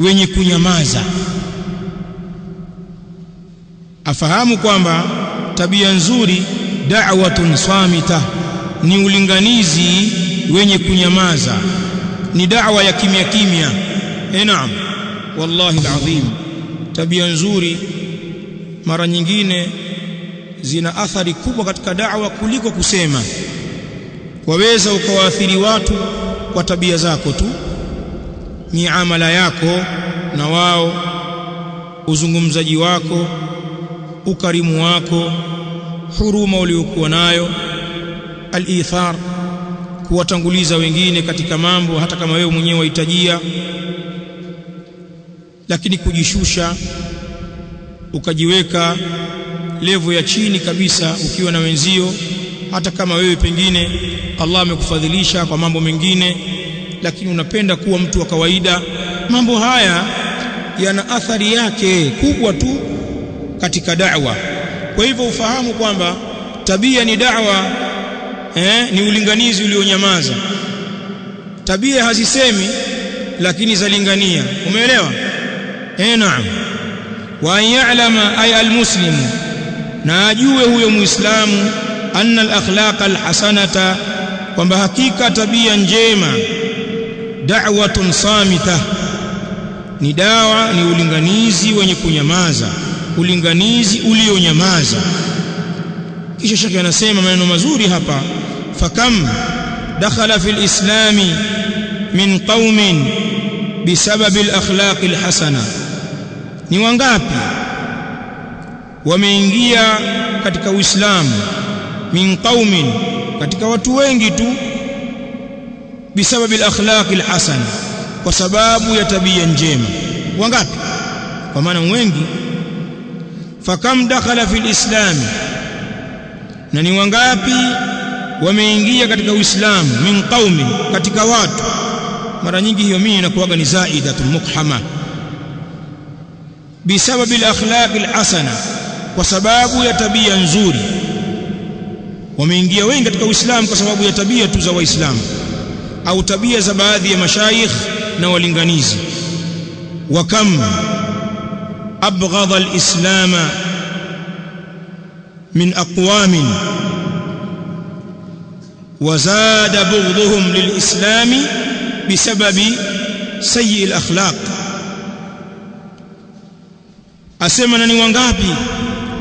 wenye kunyamaza afahamu kwamba tabia nzuri da'watun samita ni ulinganizi wenye kunyamaza ni da'wa ya kimya kimya eh naam wallahi alazim tabia nzuri mara nyingine zina athari kubwa katika da'wa kuliko kusema waweza ukawaathiri watu kwa tabia zako tu, miamala yako na wao, uzungumzaji wako, ukarimu wako, huruma uliokuwa nayo, al-ithar, kuwatanguliza wengine katika mambo hata kama wewe mwenyewe wahitajia, lakini kujishusha ukajiweka levo ya chini kabisa ukiwa na wenzio hata kama wewe pengine Allah amekufadhilisha kwa mambo mengine, lakini unapenda kuwa mtu wa kawaida. Mambo haya yana athari yake kubwa tu katika da'wa. Kwa hivyo ufahamu kwamba tabia ni da'wa, eh, ni ulinganizi ulionyamaza. Tabia hazisemi lakini zalingania. Umeelewa? Eh, naam. Wa an ya'lama ay almuslimu, na ajue huyo Muislamu anna al-akhlaq al-hasanata kwamba hakika tabia njema da'watun samita ni dawa ni ulinganizi wenye kunyamaza ulinganizi ulionyamaza kisha shekhi anasema maneno mazuri hapa fakam dakhala fil islami min qaumin بسبب الاخلاق الحسنه ni wangapi wameingia katika uislamu min qaumin, katika watu wengi tu, bisababi alakhlaqi alhasana, kwa sababu ya tabia njema. Wangapi? Kwa maana wengi. Fakam dakhala fi lislami, na ni wangapi wameingia katika Uislamu, min qaumin, katika watu. Mara nyingi hiyo mimi inakuwaga ni zaidatul mukhama bisababi alakhlaqi alhasana, kwa sababu ya tabia nzuri wameingia wengi katika Uislamu kwa sababu ya tabia tu za Waislamu au tabia za baadhi ya mashaikh na walinganizi. Wa kam abghadha alislama min aqwamin wa zada bughdhuhum lilislami bisababi sayi alakhlaq, asema na ni wangapi,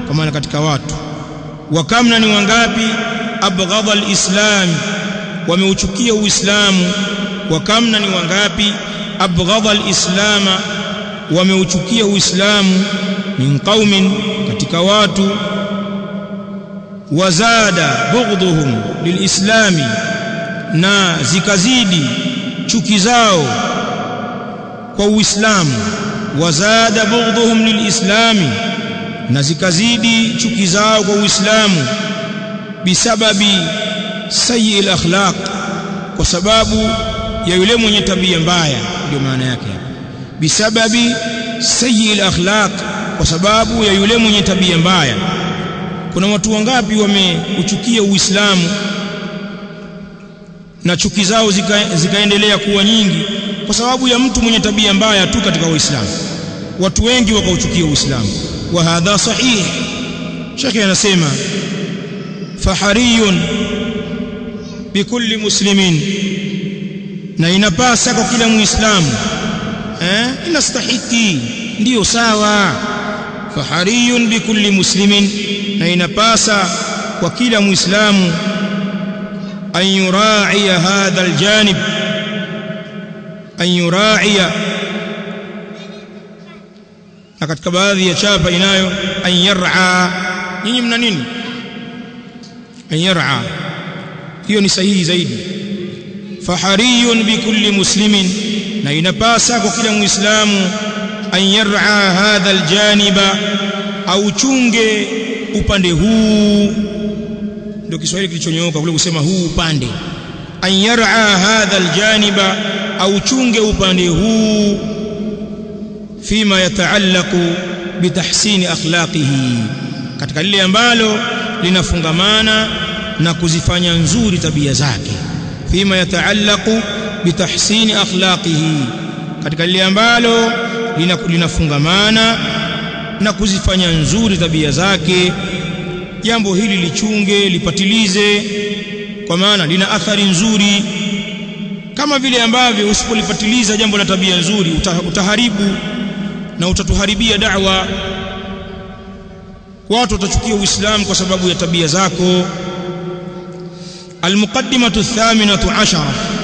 kwa maana katika watu na ni wangapi abghadha alislam wameuchukia uislamu wa kamna ni wangapi abghadha alislama wameuchukia uislamu min qaumin katika watu wazada bughdhuhum lilislami na zikazidi chuki zao kwa uislamu wazada bughdhuhum lilislami na zikazidi chuki zao kwa uislamu bisababi sayi akhlaq, kwa sababu ya yule mwenye tabia mbaya, ndio maana yake bisababi sayi akhlaq, kwa sababu ya yule mwenye tabia mbaya. Kuna watu wangapi wameuchukia Uislamu na chuki zao zika, zikaendelea kuwa nyingi kwa sababu ya mtu mwenye tabia mbaya tu katika Uislamu. Watu wengi wakauchukia Uislamu, wa hadha sahih. Shekhe anasema fahariyun bikulli muslimin na inapasa kwa kila muislamu eh inastahiki ndio sawa fahariyun bikulli muslimin na inapasa kwa kila muislamu an yuraiya hadha aljanib an yuraiya na katika baadhi ya chapa inayo an yar'a nyinyi mna nini an yar'a, hiyo ni sahihi zaidi. Fahariyun bikulli muslimin, na inapasa kwa kila Muislamu an yar'a hadha aljaniba, auchunge upande huu. Ndio Kiswahili kilichonyooka kule kusema huu upande. An yar'a hadha aljaniba, auchunge upande huu fima yataallaqu bitahsini akhlaqihi, katika lile ambalo linafungamana na kuzifanya nzuri tabia zake fima yataallaqu bitahsini akhlaqihi katika lile ambalo linafungamana na kuzifanya nzuri tabia zake jambo hili lichunge lipatilize kwa maana lina athari nzuri kama vile ambavyo usipolipatiliza jambo la tabia nzuri utaharibu na utatuharibia da'wa watu watachukia uislamu kwa sababu ya tabia zako almuqaddimatu thaminatu ashara